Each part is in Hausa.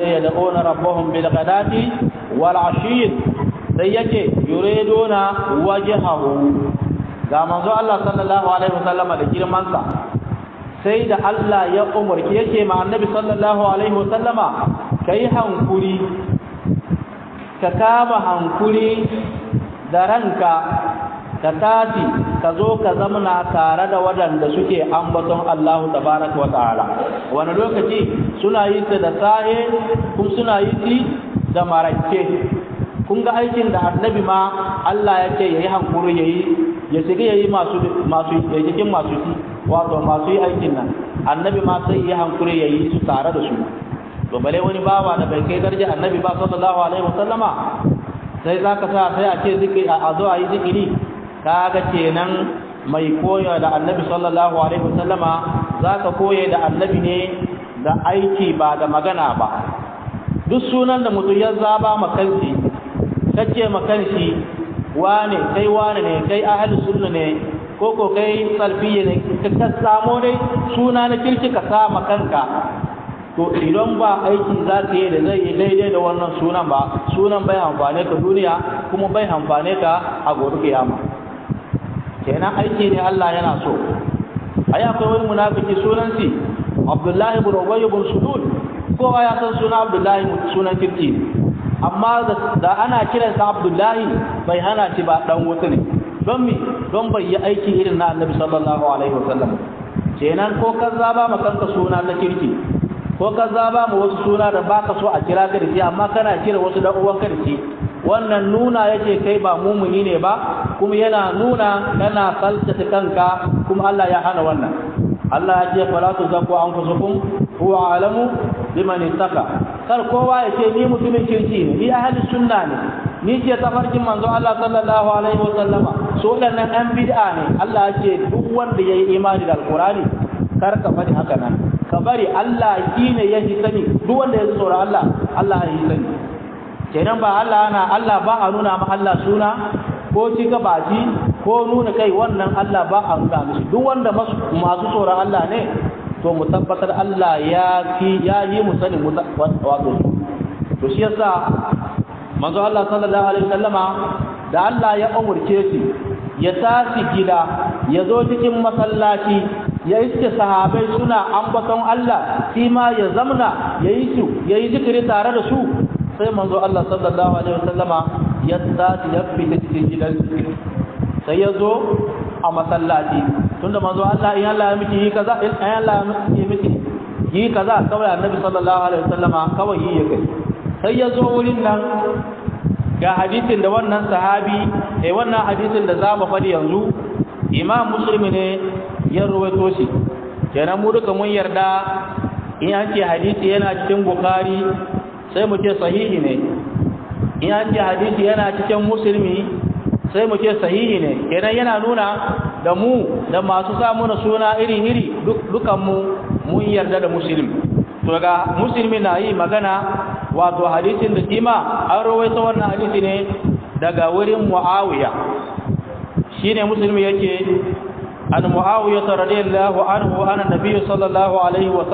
يدعون ربهم بالغداة والعشي sai yake yuriduna wajhahu ga manzo Allah sallallahu alaihi wasallama da girmansa sai da Allah ya umarki yake ma annabi sallallahu alaihi wasallama hankuri ka kama hankuri da ka tashi ka zo ka zamna tare da waɗanda suke ambaton Allah tabaraka wa ta'ala wani lokaci suna yi ta da sahe kuma suna yi ti da marake kun ga aikin da annabi ma Allah ya ce yayi hankuri yayi ya shiga yayi masu masu cikin masu ci wato masu yi aikin nan annabi ma sai yayi hankuri yayi su tare da su to bale wani bawa da bai kai darje annabi ba sallallahu alaihi wasallama sai za ka sa sai a ce zikiri a zo a yi zikiri kaga kenan mai koya da annabi sallallahu alaihi wasallama zaka koye da annabi ne da aiki ba da magana ba duk sunan da mutum ya zaba makansi kace makansi wane kai wane ne kai ahli sunna ne ko ko kai salfiye ne ka samo dai suna na kirki ka sa makanka to idan ba aiki za ka yi da zai yi daidai da wannan sunan ba sunan bai amfane ka duniya kuma bai amfane ka a gobe kiyama ina aiki ne Allah yana so ai akwai wani munafiki sunan si Abdullahi ibn Ubay ibn Sulul kowa ya san suna Abdullahi sunan kirki amma da ana sa Abdullahi bai hana shi ba dan wuta ne don me don bai yi aiki irin na Annabi sallallahu alaihi wasallam kenan ko ka zaba kanka suna na kirki ko ka zaba ma wasu suna da baka so a kira ka amma kana kira wasu dan uwan ka wannan nuna yake kai ba mumuni ne ba kuma yana nuna kana falsata kanka kuma Allah ya hana wannan Allah ya ce fala tuzakku anfusukum huwa alamu liman ittaka kar kowa ya ce ni mutumin kirki ne ni ahli sunna ne ni ce tafarkin manzo Allah sallallahu alaihi wasallama so nan an bid'a ne Allah ya ce duk wanda yayi imani da alqurani kar ka faɗi haka nan ka bari Allah shine ya sani duk wanda ya tsora Allah Allah ya sani kenan ba Allah ana Allah ba a nuna ma Allah suna ko cika baki ko nuna kai wannan Allah ba a nuna mishi duk wanda masu tsoron Allah ne to mu tabbatar Allah ya ki ya yi mu sani mu wato to shi yasa manzo Allah sallallahu alaihi wasallama da Allah ya umurce shi ya tafi gida ya zo cikin masallaci ya iske sahabai suna ambaton Allah shi ma ya zamna ya yi su ya yi tare da su sai manzo Allah sallallahu alaihi wasallama ya tsadi ya fita cikin gidan sai ya zo a masallaci tunda manzo Allah in Allah ya miki yi kaza in Allah ya miki yi kaza kawai annabi sallallahu alaihi wasallama kawai yi ya kai sai ya zo wurin nan ga hadisin da wannan sahabi eh wannan hadisin da zamu faɗi yanzu imam muslimi ne ya ruwaito shi kenan mu duka mun yarda in an ce hadisi yana cikin bukhari sai mu ce sahihi ne in an ce hadisi yana cikin musulmi sai mu ce sahihi ne kenan yana nuna da mu da masu samuna suna iri-iri dukanmu mun yarda da musulmi to ga musulmi na yi magana wato hadisin da kima an rawaita wannan hadisi ne daga wurin mu'awiya Shi ne musulmi yake an mu'awiya radiyallahu anhu ana nabi sallallahu alaihi wa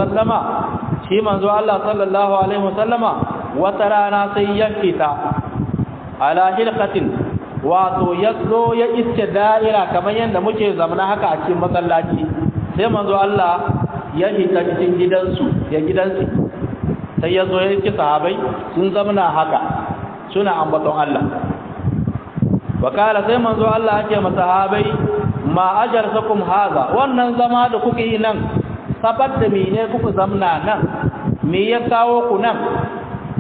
shi manzo Allah sallallahu alaihi wasallama wata rana sai ya fita ala hilqatin wato ya ya isce da'ira kamar yadda muke zamana haka a cikin masallaci sai manzo Allah ya fita cikin gidansu ya gidansu sai ya zo ya iske sahabai sun zamana haka suna ambaton Allah wakala sai manzo Allah ya ce masahabai ma ajarsakum haza wannan zama da kuke yi nan Sabar da saboda ne kuka zamna nan me ya kawo ku nan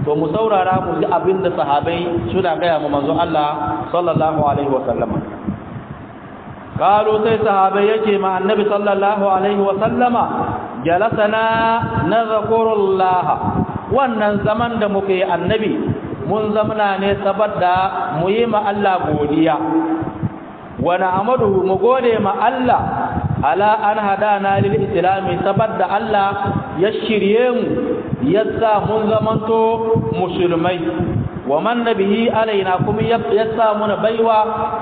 to mu saurara mu ji abin da sahabai suna gaya mu manzo Allah sallallahu alaihi wa sallam qalu sai sahabai yake ma annabi sallallahu alaihi wa sallama jalasana nazkurullah wannan zaman da muke annabi mun zamna ne saboda mu yi ma Allah godiya wa na'amadu mu gode ma Allah ala an hadana lil islami saboda Allah ya shirye mu ya sa mun zamanto musulmai wa man nabihi alaina kuma ya sa muna baiwa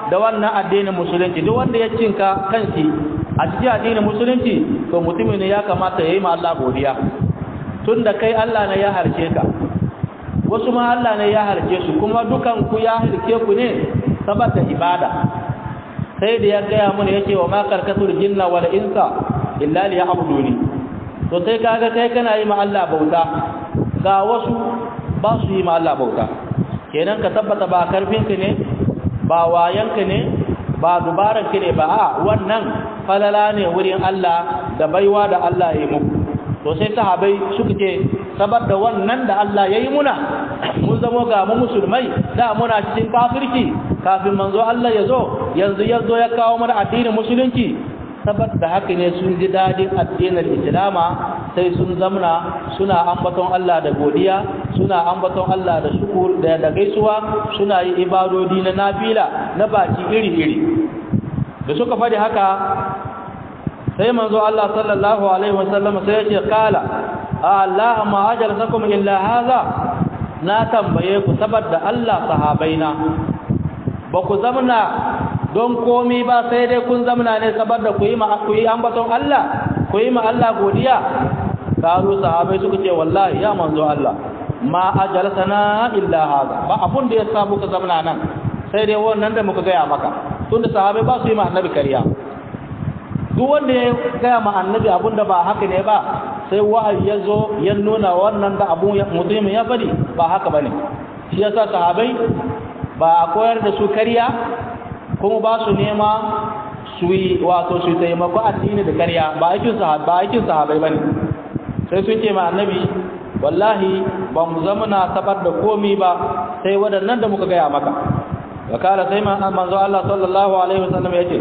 da wannan addinin musulunci duk wanda ya cinka kanshi a cikin addinin musulunci to mutumin ya kamata ya yi ma Allah godiya tunda kai Allah ne ya harce ka wasu ma Allah ne ya harce su kuma dukan ku ya harce ku ne saboda ibada sai da ya gaya mana yake wa ma karkatul jinna wal insa illa li ya'buduni to sai kaga kai kana yi ma Allah bauta ga wasu ba su yi ma Allah bauta kenan ka tabbata ba karfinka ne ba wayanka ne ba dubaranka ne ba a wannan falala ne wurin Allah da baiwa da Allah ya yi muku to sai sahabai suka ce saboda wannan da Allah ya yi muna zamo ga mu musulmai da muna cikin kafirki kafin manzo Allah ya zo yanzu ya zo ya kawo mana addinin musulunci saboda haka ne sun ji dadin addinin islama sai sun zamna suna ambaton Allah da godiya suna ambaton Allah da shukur da da gaisuwa suna yi ibadodi na nafila na baki iri-iri da suka faɗi haka sai manzo Allah sallallahu alaihi wasallam sai ya ce kala Allah ma ajalasakum illa hadha na tambaye ku saboda Allah sahabaina ba ku zamna don komi ba sai dai kun zamna ne saboda ku yi ku yi ambaton Allah ku yi ma Allah godiya karu sahabai suka ce wallahi ya manzo Allah ma ajalsana illa hada ba abun da ya sa muka zamna nan sai dai wannan da muka gaya maka tunda sahabai ba su yi ma annabi kariya duk wanda ya gaya ma annabi abun da ba haka ne ba sai wahayi ya zo ya nuna wannan da abu mutumin ya bari ba haka ba ne. shi sa sahabai ba a koyar da su karya kuma ba su nema su yi wato su taimako addini da karya ba aikin sahabai ba ne. sai su ce ma annabi wallahi ba mu zama na tabar da komi ba sai waɗannan da muka gaya maka wa kala sai manzo Allah sallallahu alaihi wasallam ce,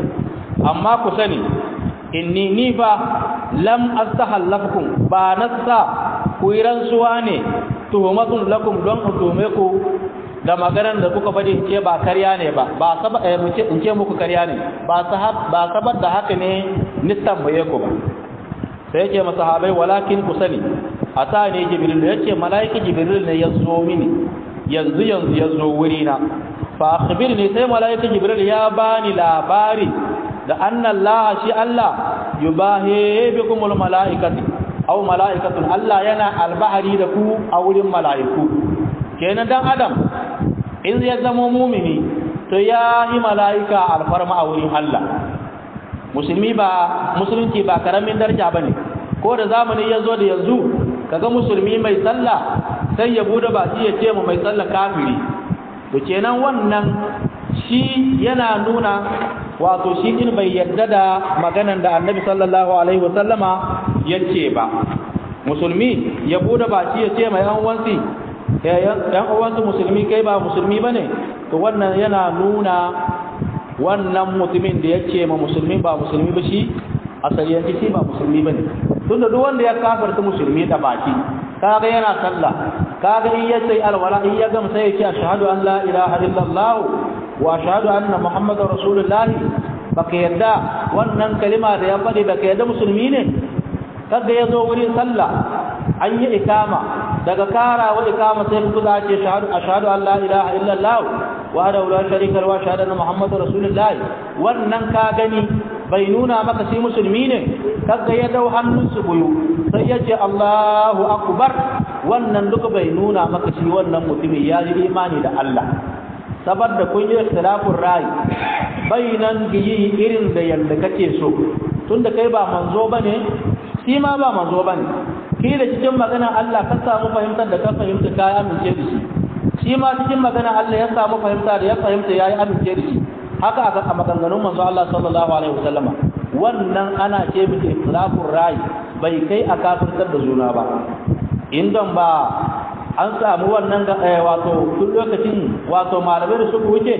amma ku sani inni ni fa lam astahallafukum ba nassa ku yi rantsuwa ne tuhumatun lakum don ku tuhume ku da maganar da kuka faɗi ce ba karya ne ba ba saba eh mu ce in ce muku karya ne ba sahab ba sabar da haka ne ni tambaye ku ba sai yake masahabai walakin ku sani ne jibril yake malaiki jibril ne ya zo mini yanzu yanzu ya zo wuri na fa akhbirni sai malaiki jibril ya bani labari da anna shi allah yubahi bikumul malaikatu aw malaikatun Allah yana albahari da ku a wurin malaiku kenan dan adam in ya zama mumini to ya yi malaika alfarma a wurin Allah musulmi ba musulunci ba karamin daraja bane ko da zamani ya zo da yanzu kaga musulmi mai sallah sai ya bude ba shi ya ce mu mai sallah kafiri to kenan wannan shi yana nuna wato shi din bai yarda da maganan da annabi sallallahu alaihi wasallama ce ba musulmi ya bude baki ya ce mai yan wansi yan uwansu musulmi kai ba musulmi bane to wannan yana nuna wannan mutumin da ce ma musulmi ba musulmi ba shi asali ya ce ba musulmi bane tunda duk wanda ya kafarta musulmi da baki kaga yana sallah kaga in yace alwala in ya gamsa yace ashhadu an la ilaha illallah wa ashhadu anna muhammadar rasulullah baka yadda wannan kalima da ya faɗi baka yadda musulmi ne kaga ya zo wurin sallah an yi ikama daga karawa ikama sai kuka ce ashhadu an la ilaha illallah wa hada la sharika wa ashhadu anna muhammadar rasulullah wannan ka gani bai nuna maka sai musulmi ne kaga ya dau su biyu sai ya ce Allahu akbar wannan duka bai nuna maka shi wannan mutumin ya yi imani da Allah Sabar da kun yi ikhtilafur ra'ayi bayinan giyi irin da yanda kake so tunda kai ba manzo bane shi ma ba manzo bane ki da cikin magana Allah ka samu fahimtar da ka fahimta ka yi amince da shi shi ma cikin magana Allah ya samu fahimta da ya fahimta ya yi amince da shi haka a a maganganun manzo Allah sallallahu alaihi wasallama wannan ana ce miki ikhtilafur ra'ayi bai kai a kafirtar da juna ba indan ba an samu wannan eh, wato tun lokacin wato malamai da suka wuce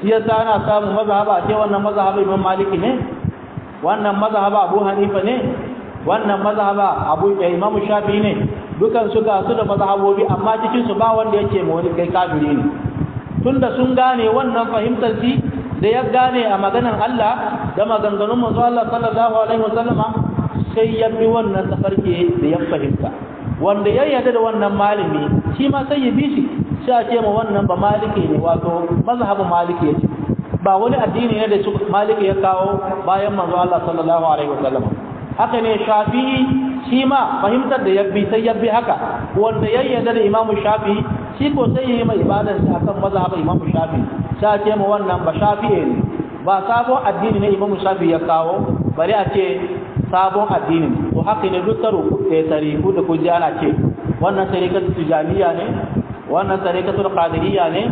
shi yasa ana samu mazhaba ce wannan mazhaba Imam Maliki ne wannan mazhaba Abu Hanifa ne wannan mazhaba Abu eh, Imam Shafi ne dukan su ga su da mazhabobi amma cikin su ba wanda yake mu wani kai kafiri ne tunda sun gane wannan fahimtar shi da ya gane a maganar Allah da maganganun manzo Allah sallallahu alaihi wasallama sai ya bi wannan tafarki da ya fahimta wanda ya yarda da wannan malami shi ma sai ya bi shi sai a ce ma wannan ba maliki ne wato mazhabin maliki ya ce ba wani addini ne da su maliki ya kawo bayan manzo Allah sallallahu alaihi wasallam haka ne shafi'i shi ma fahimtar da bi sai bi haka wanda ya yarda da imamu shafi'i shi ko sai ya yi mai ibadar shi akan mazhabin imamu shafi'i sai a ce ma wannan ba shafi'i ne ba sabon addini ne imamu shafi'i ya kawo bari a ce sabon addini to haka ne duk taro da ya da kuji ana ce wannan tarikatul tijaniya ne wannan tarikatul qadiriyya ne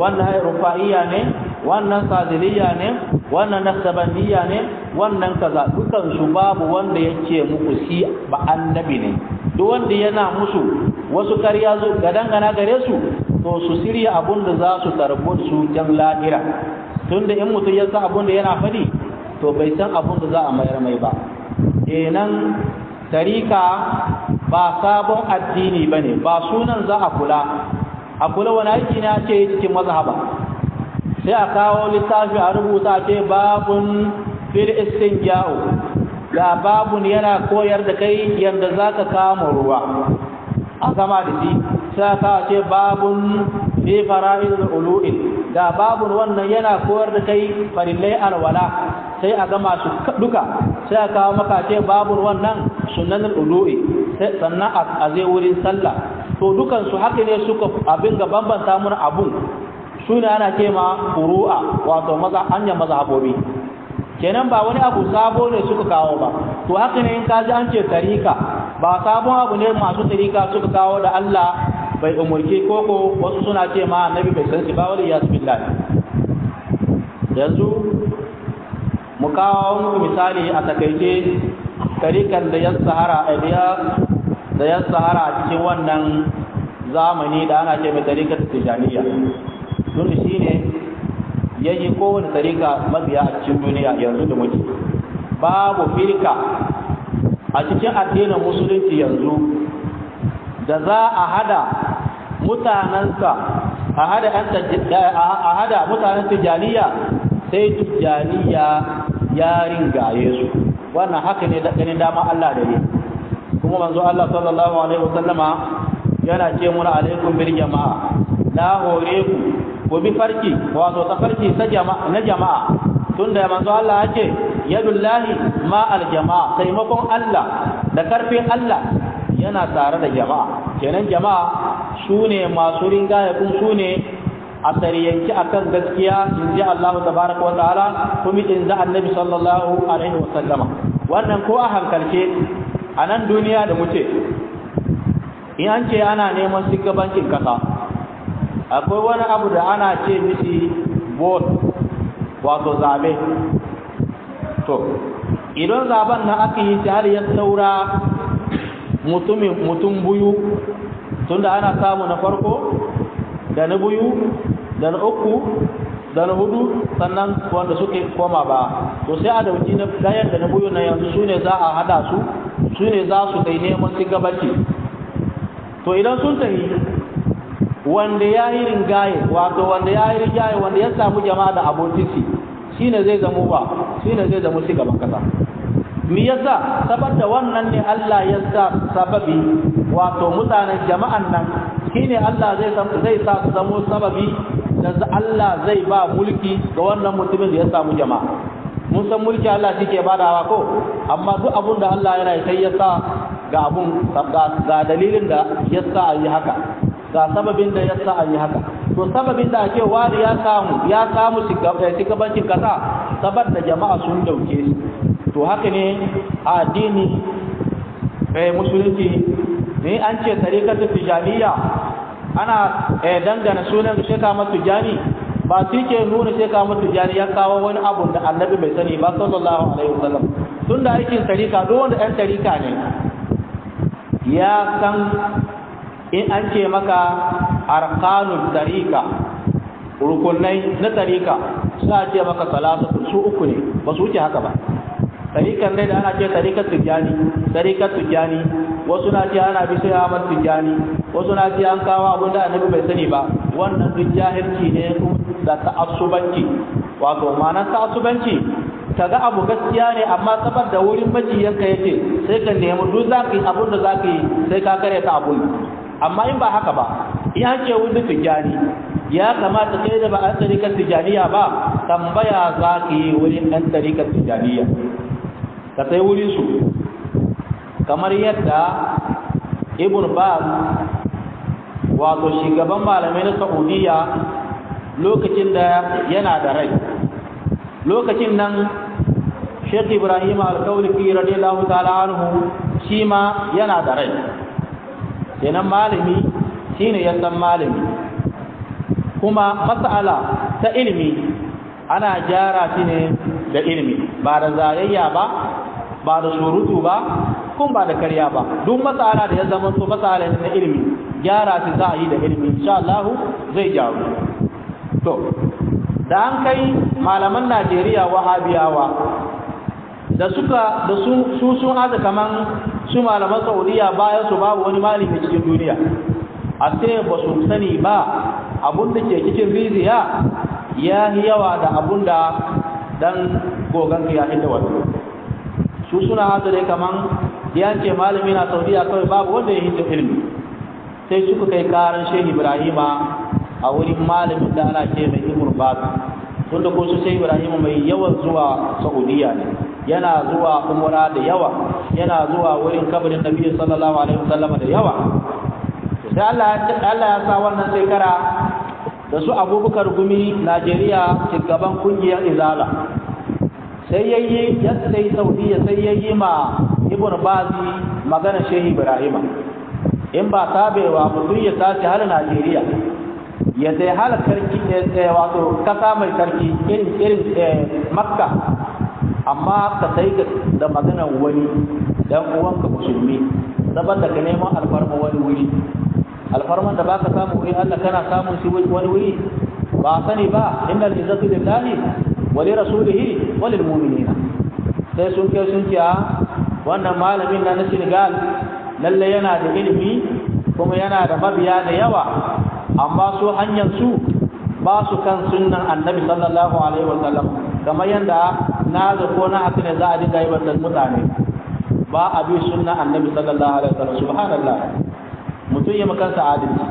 wannan rufa'iyya ne wannan sadiliya ne wannan nasabanniya ne wannan kaza dukan su babu wanda yake muku si ba annabi ne duk wanda yana musu wasu ƙarya zo ga dangana gare su to su sirya abun da za su tarbo su jan lahira tunda in mutum ya san abun da yana faɗi to bai san abun da za a mayar mai ba kenan tarika ba sabon addini ba ne ba sunan za a kula a kula wani aiki ne ake cikin mazhaba sai a kawo littafi a rubuta ce babun fil istinja'u ga babun yana koyar da kai yadda za ka kama ruwa a gama da shi sai a kawo ce babun fi fara'il ulu'il ga babun wannan yana koyar da kai farillai alwala sai a gama su duka sai akawo kawo maka ce babu wannan nan sunan udu’i sannan a zai wurin sallah to dukan su haka ne suka abin ga bambanta mun abun su ne ana ce ma furu'a wato maza anya mazhabobi kenan ba wani abu sabo ne suka kawo ba to haka ne in ka ji an ce tarika ba sabon abu ne masu tarika suka kawo da Allah bai umurke koko wasu suna ce ma annabi bai san ba wali yasbillah yanzu mu kawo muku misali a takaice tarikan da ya sahara eh, a da ya sahara a cikin wannan zamani da ana ce mai tarikar tijaniya sun shi ne ya yi kowane tarika mabiya a cikin duniya yanzu da muke babu firka a cikin addinin musulunci yanzu da za a hada mutanensa a hada eh, mutanen tijaniya sai tijaniya ya ringaye su wannan haka ne ganin dama Allah da ne kuma manzo Allah sallallahu alaihi wasallama yana ce muna alaikum bil jama'a na hore ku ku bi farki wato ta jama'a na jama'a tunda manzo Allah yake yadullahi ma al jama'a taimakon Allah da karfin Allah yana tare da jama'a kenan jama'a sune masu ringaye kun sune a a kan gaskiya in ji Allah tabaraka wa ta'ala kuma in ji annabi sallallahu alaihi wa wannan ko a hankalce a nan duniya da muke in an ce ana neman shugabancin kasa akwai wani abu da ana ce mishi bol wato zabe to idan zaben na aka yi ta har ya saura mutum buyu tunda ana samu na farko da na buyu. dan uku dan hudu sannan wanda suke koma ba to sai a dauki na dayar da na buyo na yanzu su ne za a hada su su ne za su kai neman gabaci to idan sun tafi wanda ya yi ringaye wato wanda ya yi ringaye wanda ya samu jama'a da abotisi shine zai zamo ba shine zai zamo gaban kasa me yasa saboda wannan ne Allah ya sa sababi wato mutanen jama'an nan shine Allah zai zai sa su zamo sababi Yanzu Allah zai ba mulki ga wannan mutumin da ya samu jama'a mun san mulki Allah shi ke badawa ko amma duk abun da Allah yana sai ya sa ga abun ga dalilin da ya sa a yi haka ga sababin da ya sa a yi haka to sababin da ake wani ya samu ya samu eh, shugabancin kasa saboda jama'a sun dauke shi to haka ne a addini mai eh, musulunci ne an ce tarikatul tijaniya ana eh, dangana sunan Sheikh masu jani ba su ke nuna Sheikh masu jani ya kawo wani abu da Annabi bai sani ba sallallahu alaihi wasallam tun da aikin tarika duk wanda ɗan tarika ne ya san in an ce maka arkanul tarika rukunai na tarika suna ce maka salatu su uku ne ba su wuce haka ba tarikan dai da ana ce tarikar tijani tarikar wasu na ce ana bi sai Ahmad tujani. wasu na ji an kawo abin da annabi bai sani ba wannan duk jahilci ne da ta'assubanci wato ma'ana ta'assubanci ka ga abu gaskiya ne amma sabar da wurin majiyanka yake sai ka nemi duk za ka yi abin da za ka yi sai ka karya ta abun amma in ba haka ba an ce wurin tijjani ya kamata kai da ba an tarikar tijaniya ba tambaya za ka yi wurin ɗan tarikar tijaniya ka sai wurin su kamar yadda ibn ba wato shugaban malamai na saudiya lokacin da yana da rai lokacin nan Sheikh Ibrahim Al-Kawliki radiyallahu ta'ala anhu shi ma yana da rai kenan malami shine ya san malami kuma mas'ala ta ilimi ana gyara shi ne da ilimi ba da zayayya ba ba da surutu ba kun ba da karya ba duk mas'ala da ya zama so mas'ala na ilimi gyara ta za a yi da ilimi insha Allah zai gyaru to da an kai malaman Najeriya wahabiyawa da suka da su sun aza kaman su malaman Saudiya bayan su babu wani malami cikin duniya a sai ba su sani ba abun da ke cikin riziya ya yi yawa da abun da dan gogan ya hita wato su suna dai kaman yan ce malami na Saudiya kawai babu wanda ya hita ilimi sai suka kai karan shehu ibrahima a wurin malamin da ana ce mai ibn baz tunda ko su sai ibrahima mai yawan zuwa saudiya ne yana zuwa umra da yawa yana zuwa wurin kabarin nabi sallallahu alaihi wasallam da yawa sai Allah Allah ya sa wannan shekara da su abubakar gumi najeriya shugaban kungiyar izala sai yayi ya sai saudiya sai yayi ma ibn bazi magana shehu ibrahima in ba sabewa mutum ya sace har najeriya ya sai hala sarki eh, eh, wato kasa mai sarki irin irin eh, makka amma ka sai da maganan wani dan uwanka musulmi saboda ka neman alfarma wani wuri alfarman da baka samu wuri Allah kana samun shi wani wuri ba sani ba innal izzatu lillahi wa li rasulihi wa lil mu'minina sai sun kai sun ce ah, wannan malamin na na Senegal lalle yana da ilimi kuma yana da mabiya da yawa amma su hanyar su ba su kan sunnan annabi sallallahu alaihi wasallam kamar yadda na ko na haka ne za a dinga yi wannan mutane ba a bi sunan annabi sallallahu alaihi wasallam subhanallah mutum ya makansa adalci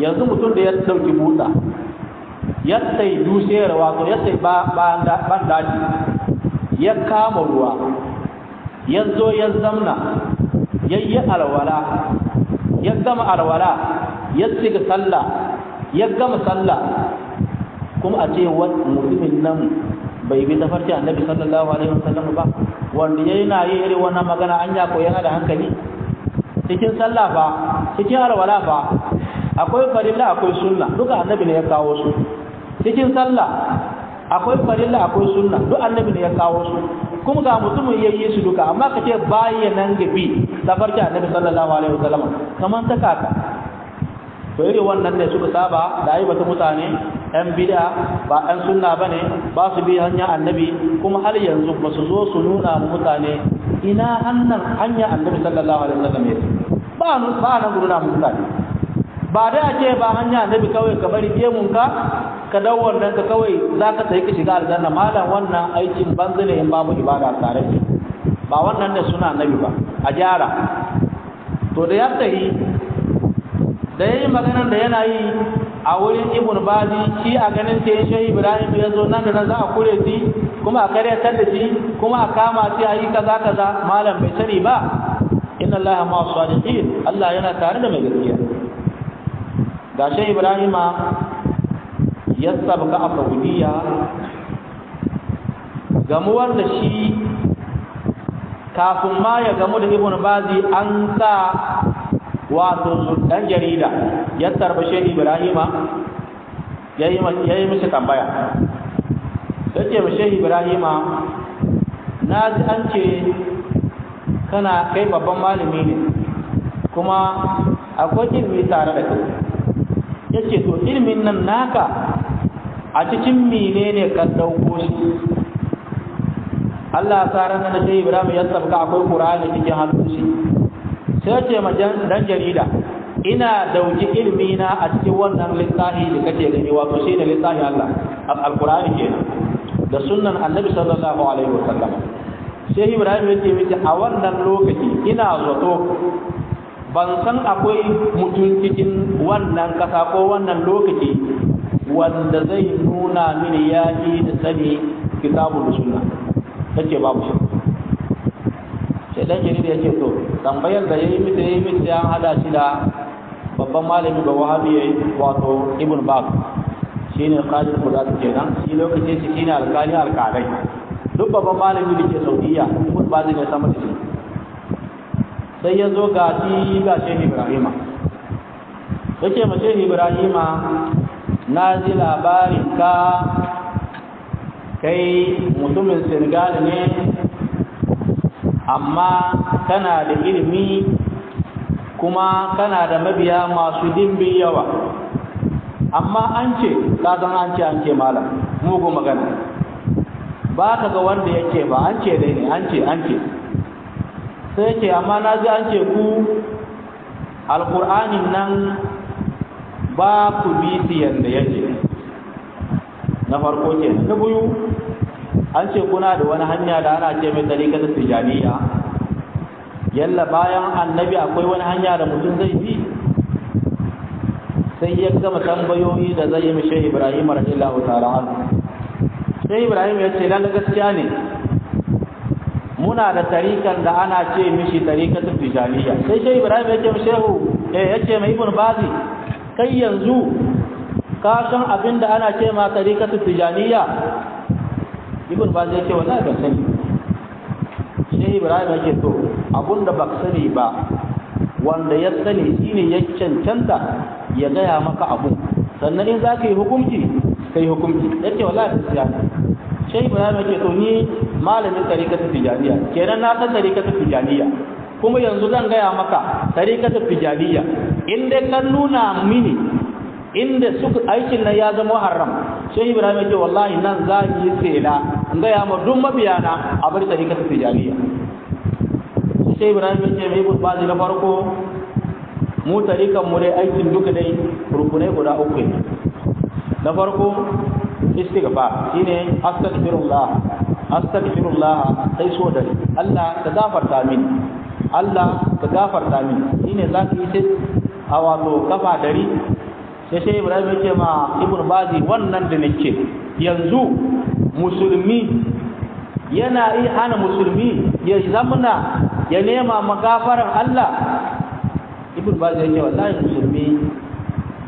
yanzu mutum da ya dauki mota ya sai dusiyar wato ya sai ban daji ya kama ruwa ya zo ya zamna yi alwala ya gama alwala ya shiga sallah ya gama sallah kuma a ce wa mutumin nan bai bi ta farce annabi sallallahu alaihi wasallam ba wanda yana yi irin wannan magana an ya koyi da hankali cikin sallah fa cikin alwala fa akwai farilla akwai sunna duka annabi ne ya kawo su cikin sallah akwai farilla akwai sunna duk annabi ne ya kawo su kuma ga mutumin yayi su duka amma kace bayanan gabi tafarki annabi sallallahu alaihi wasallam kaman ta kaka to irin wannan ne suka saba da aibata mutane yan bid'a ba yan sunna bane ba su bi hanya annabi kuma har yanzu ba su zo su nuna mu mutane ina hannan hanya annabi sallallahu alaihi wasallam yake ba nan ba nan guruna mu mutane ba da ce ba hanya annabi kawai ka bari gemun ka ka dawo wannan ka kawai za ka sai ka shiga aljanna malam wannan aikin banzale in babu ibada tare da ba wannan ne suna annabi ba a gyara to da ya tsayi da ya yi maganar da yana yi a wurin ibn bazi shi a ganin sai shi ibrahim ya zo nan da nan za a kure shi kuma a karyatar da shi kuma a kama shi a yi kaza kaza malam bai sani ba inna allaha ma sadiqin allah yana tare da mai gaskiya ga shi ibrahim ya sabka a gamuwar da shi kafin ma ya gamu da ibn bazi an sa wato dan jarida ya tarbashe ibrahima ya yi mishi tambaya sai ce mishi ibrahima na ji an ce kana kai babban malami ne kuma akwai ilimi tare da kai ya ce to ilimin nan naka a cikin menene ka ɗauko shi Allah ya tsara da sai Ibrahim ya sabka akwai Qur'ani cikin hannun shi sai ce ma dan jarida ina dauki ilmi na a cikin wannan littafi da kake gani wato shi da littafi Allah al-Qur'ani kenan da sunnan Annabi sallallahu alaihi wasallam sai Ibrahim ya ce miki a wannan lokaci ina zato ban san akwai mutum cikin wannan kasa ko wannan lokaci wanda zai nuna mini yaji da sani kitabul sunna take babu shi sai dan jini da yake to tambayar da yayi mita yayi mita ya hada shi da babban malami ba wahabi yayi wato ibn bak shine qadi kudat kenan shi lokacin shi shine alkali alkalai duk babban malami da ke saudiya mun ba ne sama da shi sai ya zo ga shi ga shehu ibrahima ma shehu ibrahima na ji labarin ka kai mutumin senegal ne amma kana da ilimi kuma kana da mabiya masu dimbin yawa amma an ce ɗazan an ce an ce malam mugu magana ba ka ga wanda ya ce ba an ce dai ne an ce an ce sai ce amma na ji an ce ku alƙur'anin nan ba ku bi yadda yake na farko ke na biyu an ce kuna da wani hanya da ana ce mai tarika da tijaniya yalla bayan annabi akwai wani hanya da mutum zai bi sai ya gama tambayoyi da zai yi mishe ibrahim radiyallahu ta'ala sai ibrahim ya ce lalle gaskiya ne muna da tarikan da ana ce mishi da tijaniya sai shi ibrahim ya ce mishehu eh ya ce mai ibn bazi kai yanzu ka san abin da ana ce ma tarikatu tijaniya ibn ba zai ce wallahi ban sani shi ibrahim yake to abun da baka sani ba wanda ya sani shine ya cancanta ya gaya maka abu sannan in za ka yi hukunci ka yi hukunci yake wallahi ban sani shi ibrahim yake to ni malamin tarikatu tijaniya kenan na san tarikatu tijaniya kuma yanzu zan gaya maka tarikatu tijaniya in dai kan nuna mini inda suka aikin nan ya zama haram sai ibrahim ya ce wallahi nan za ki yi tsela in ga ya ma duk mabiyana a bari bar tarikar tijariya sai ibrahim ya ce mai burbazi na farko mu tarikan mu dai aikin duka dai rukunai guda uku ne na farko istighfa shine astaghfirullah astaghfirullah sai so da Allah ka gafarta min Allah ka gafarta min shine za ka yi a wato kafa dari sai sai ibrahim ya ce ma ibn bazi wannan da nake yanzu musulmi yana iya hana musulmi ya zamna ya nema magafarar Allah ibn bazi ya ce wallahi musulmi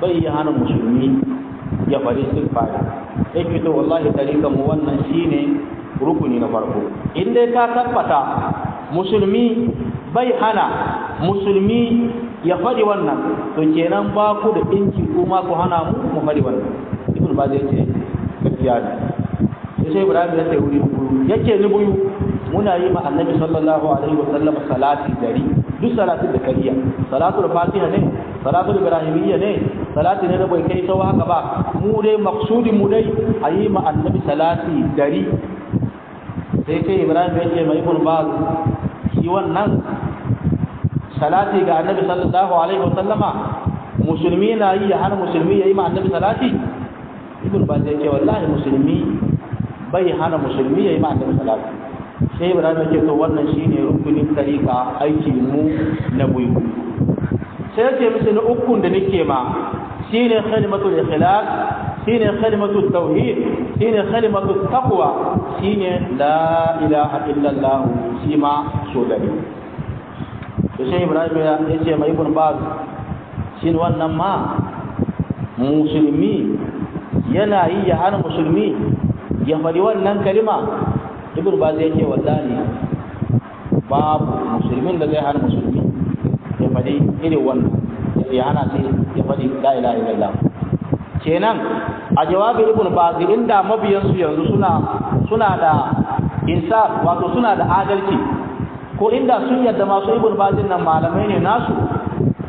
bai iya hana musulmi ya bari fara ya fito wallahi tarika mu wannan shine rukuni na farko inda ka tabbata musulmi bai hana musulmi ya faɗi wannan to kenan ba ku da ɗinki ma ku hana mu mu faɗi wannan ibnu ba zai ce gaskiya ne sai sai ibrahim ya tsaye wuri buyu yake ni buyu muna yi ma annabi sallallahu alaihi wa sallam salati dari duk salatu da kariya salatu salatul fatiha ne salatu salatul ibrahimiyya ne salati ne da bai kai sawa haka ba mu dai maksudin mu dai a yi ma annabi salati dari sai sai ibrahim ya ce mai ibnu ba shi wannan salati ga annabi sallallahu alaihi wa sallama musulmi na yi har musulmi ya yi ma annabi salati ibn baz ya ce wallahi musulmi bai hana musulmi ya yi ma annabi salati sai ibrahim ya ce to wannan shine rukunin tarika aiki mu na buyu sai ya ce musu na uku da nake ma shine khalimatul ikhlas shine khalimatul tauhid shine khalimatul taqwa shine la ilaha illallah shi ma so to shi ibrahim ya ce mai ibn baz shin wannan ma musulmi yana yi ya hana musulmi ya faɗi wannan kalima ibn baz ya ce wallahi babu musulmin da zai hana musulmi ya faɗi irin wannan ya hana sai ya faɗi la ilaha illallah kenan a jawabin ibn baz inda mabiyansu yanzu suna suna da insaf wato suna da adalci ko inda sun yarda masu ibn bazin nan malamai ne nasu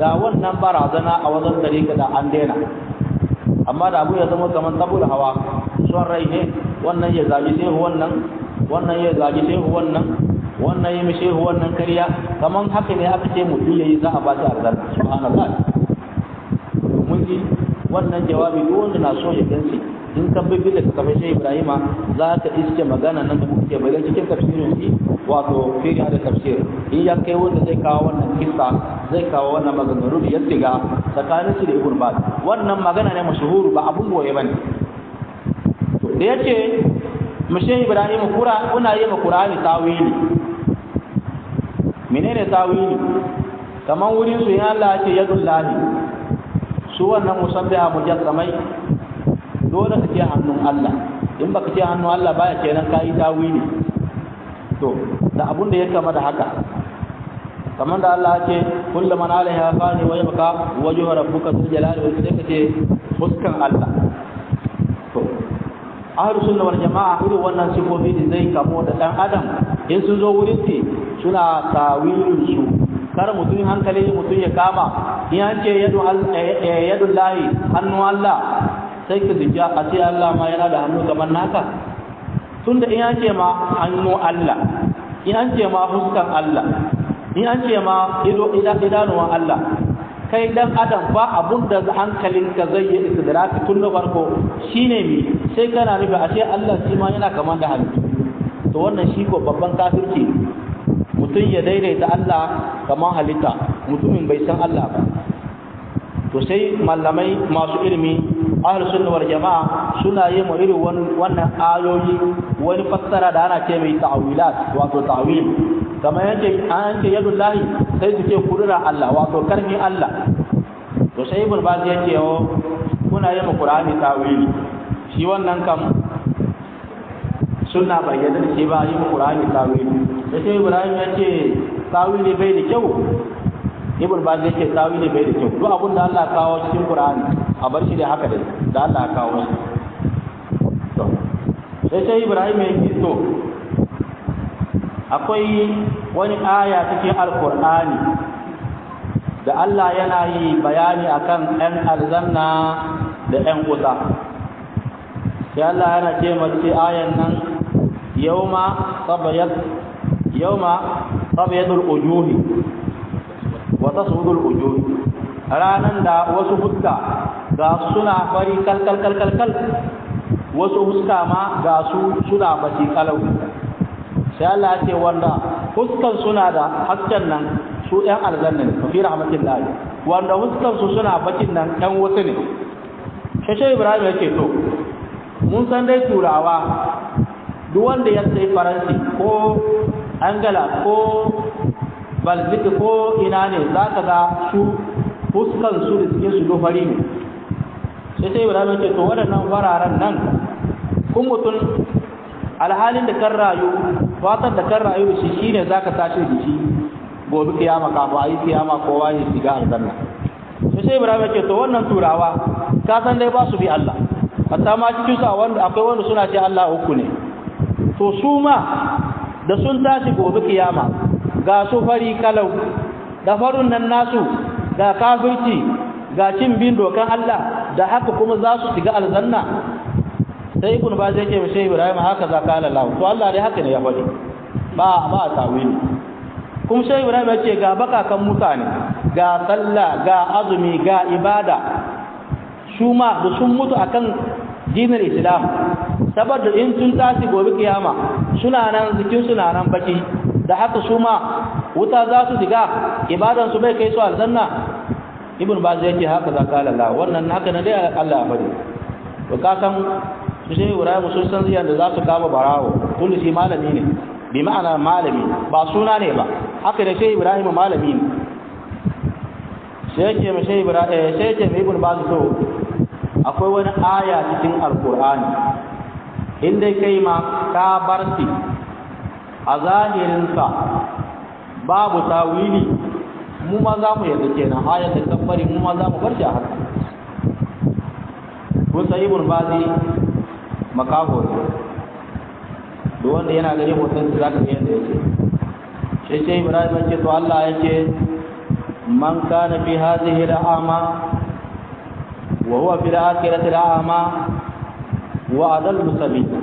da wannan barazana a wajen dariƙa da an daina amma da abu ya zama kamar tabul hawa son rai ne wannan ya zagi sai wannan wannan ya zagi sai wannan wannan ya mishe wannan kariya kamar haka ne aka ce mutum yayi za a ba shi arzan subhanallah mun ji wannan jawabi duk wanda na so ya gansi in ka bi da ka shehu ibrahima za ka iske magana nan da muke bayan cikin tafsirin shi wato firi da tafsir in ya kai wanda zai kawo wannan kissa zai kawo wannan magana rubi ya tsiga tsakanin su da ibn baz wannan magana ne mashhuru ba abun goye bane to da yace mashe ibrahima kura kuna yi ma qur'ani tawili menene tawili kamar wurin su ya Allah ce yadullahi su wannan musabbiha mujassamai dole ka ce hannun Allah in baka ce hannun Allah baya kenan kayi yi tawili to da abun da ya kama da haka kamar da Allah ce kullu man alaiha fani wa yabqa wajhu rabbuka dhul jalal wal ikram ce fuskan Allah to ahlus sunna wal jamaa irin wannan sifofi zai kamo da dan adam in sun zo wurin su suna tawilin su kar mutum hankali mutum ya kama in an ce yadu eh, eh, yadu hannun hannu Allah sai ka jiki a ce Allah ma yana da hannu kamar naka tunda in an ce ma hannu Allah in an ce ma fuskan Allah in an ce ma ido idanuwan Allah kai dan adam ba abun da hankalinka zai yi istidraki tun da farko shine mi sai kana nufi a ce Allah shi ma yana kamar da hannu to wannan shi ko babban kafirci mutum ya daidaita Allah kamar halitta mutumin bai san Allah ba to sai malamai masu ilimi ahlus sunna wal jama'a suna yi wa irin wannan ayoyi wani fassara da ana ce mai ta'wilat wato ta'wil kamar yake an ce lahi sai su ce kudura Allah wato karfi Allah to sai ibn baz ya ce yo oh, kuna yi ma qur'ani ta'wili shi wannan kam sunna yadda shi ba yi ma qur'ani ta'wili sai ibrahim ya ce ta'wili bai da kyau ibn baz ya ce ta'wili bai da kyau duk abin da Allah kawo cikin qur'ani a bar shi da haka dai da Allah ya kawo shi to sai sai Ibrahim ya yi to akwai wani aya cikin alkur'ani da Allah yana yi bayani akan ɗan alzanna da ɗan wuta sai Allah yana ce mace ayan nan yauma tabayat yauma tabayatul ujuhi wa tasudul ujuhi ranan da wasu fuska ga suna fari kalkal kalkal kal wasu huska ma ga su suna baki kalau sai Allah ce wanda huskan suna da hasken nan su ɗan aljanna ne fi rahmatillahi wanda huskan su suna bakin nan ɗan wasu ne shashe Ibrahim yake to mun san dai turawa duk wanda ya sai faransi ko angala ko balzik ko ina ne za ka ga su fuskan su da suke su dofari ne sai sai ibrahim ce to waɗannan fararen nan kun mutum alhalin da kan rayu fatan da kan rayu shi shine zaka tashi da shi gobe kiyama fa ayi kiyama kowa ya shiga aljanna sai sai ibrahim ce to wannan turawa ka san dai ba su bi Allah hatta ma cikin su wanda akwai wanda suna ce Allah uku ne to su ma da sun tashi gobe kiyama ga su fari kalau da farun nan nasu ga kafirci ga cin bin dokan Allah da haka kuma za su shiga alzanna? sai ibn ba zai ce mashi ibrahim haka za ka lalawa to Allah dai haka ne ya faɗi ba ba a tawili kuma shi ibrahim ya ce ga bakakan mutane ga sallah ga azumi ga ibada su ma da sun mutu akan dinar islam saboda in sun tashi gobe kiyama suna nan zikin suna nan baki da haka su ma wuta za su diga su bai kai su alzanna? ibn baz yake haka za kala la wannan haka ne dai Allah ya fadi to ka san su sai Ibrahim sun san ziyan da za su kama barawo kullu shi malami ne bi ma'ana malami ba suna ne ba haka da sai Ibrahim malami ne sai yake mu eh, sai Ibrahim sai yake mai ibn baz so akwai wani aya cikin alqur'ani in dai kai ma ka bar shi a zahirinsa babu tawili mu ma za mu yadda kenan ayar da kan bari mu ma za mu bar shi a haka musa ibn bazi makaho ne duk wanda yana gani mutum za ka ga yadda yake Sai sai ibrahim ya ce to Allah ya ce man kana fi hadhihi al'ama wa huwa fi al-akhirati al'ama wa adallu sabila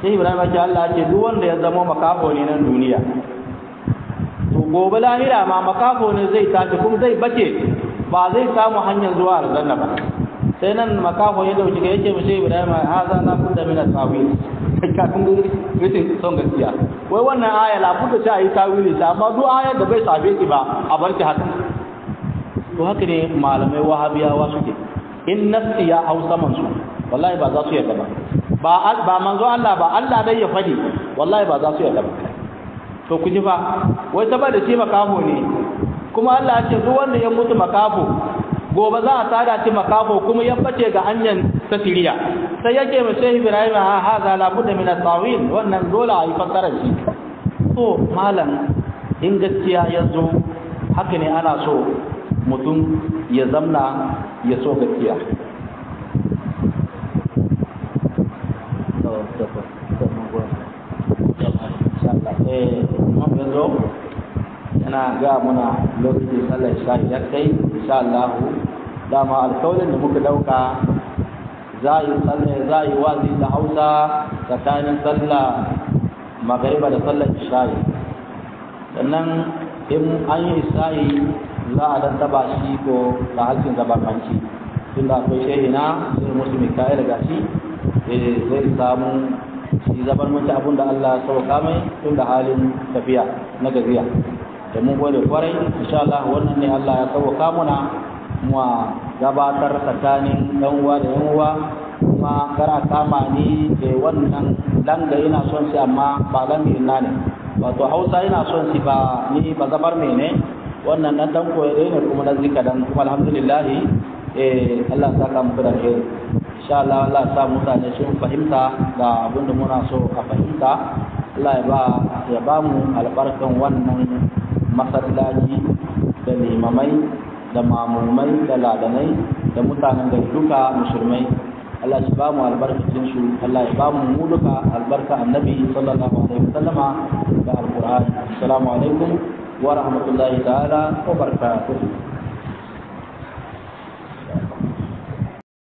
sai ibrahim ya ce Allah ya ce duk wanda ya zama makaho ne nan duniya gobe lahira ma makafo ne zai tafi kuma zai bace ba zai samu hanyar zuwa aljanna ba sai nan makafo ya dauki ga yake mace ibrahim haza na kunta min asawil kafin rikin son gaskiya wai wannan aya la da ta yi ne ta amma duk aya da bai sabe ki ba a bar ki haka to haka ne malamai wahabiyawa suke in nafsi ya hau saman su wallahi ba za su yarda ba ba manzo Allah ba Allah dai ya fadi wallahi ba za su yarda ba to ku ji ba wai saboda shi makafo ne kuma Allah ya ce duk wanda ya mutu makafo gobe za a tada shi makafo kuma ya bace ga hanyar ta siriya sai yake mu shehu ibrahim ha ha za la budda min at-tawil wannan dole a yi shi to malam in gaskiya ya zo haka ne ana so mutum ya zamna ya so gaskiya ana ga muna lokacin sallar isha ya kai insha Allah dama alƙawarin da muka dauka za yi sallar za yi wazi da Hausa tsakanin sallar magariba da sallar isha sannan in an yi isha'i za a dan taba shi ko da halkin tun da akwai shehina sai mai kai gashi, shi eh, zai samu shi zaman mace abin da Allah sauka mai tun da halin tafiya na gaziya da mun gode kwarai insha Allah wannan ne Allah ya kawo kamuna, mu gabatar tsakanin dan uwa da yan uwa kuma kara kama ni da wannan langa ina son shi amma ba langa ina ne wato Hausa ina son shi ba ni ba zabar me ne wannan dan dan koyare ne kuma dan zika dan kuma alhamdulillah eh Allah ya saka mu da alheri insha Allah Allah ya sa mutane sun fahimta da abin da muna so a fahimta Allah ya ba ya ba mu albarkan wannan masallaci da limamai da mamumai da ladanai da mutanen da duka musulmai Allah shi ba mu albarkacin su Allah ya ba mu mu duka albarka annabi sallallahu alaihi wasallama da alqur'ani assalamu alaikum wa rahmatullahi ta'ala wa barakatuh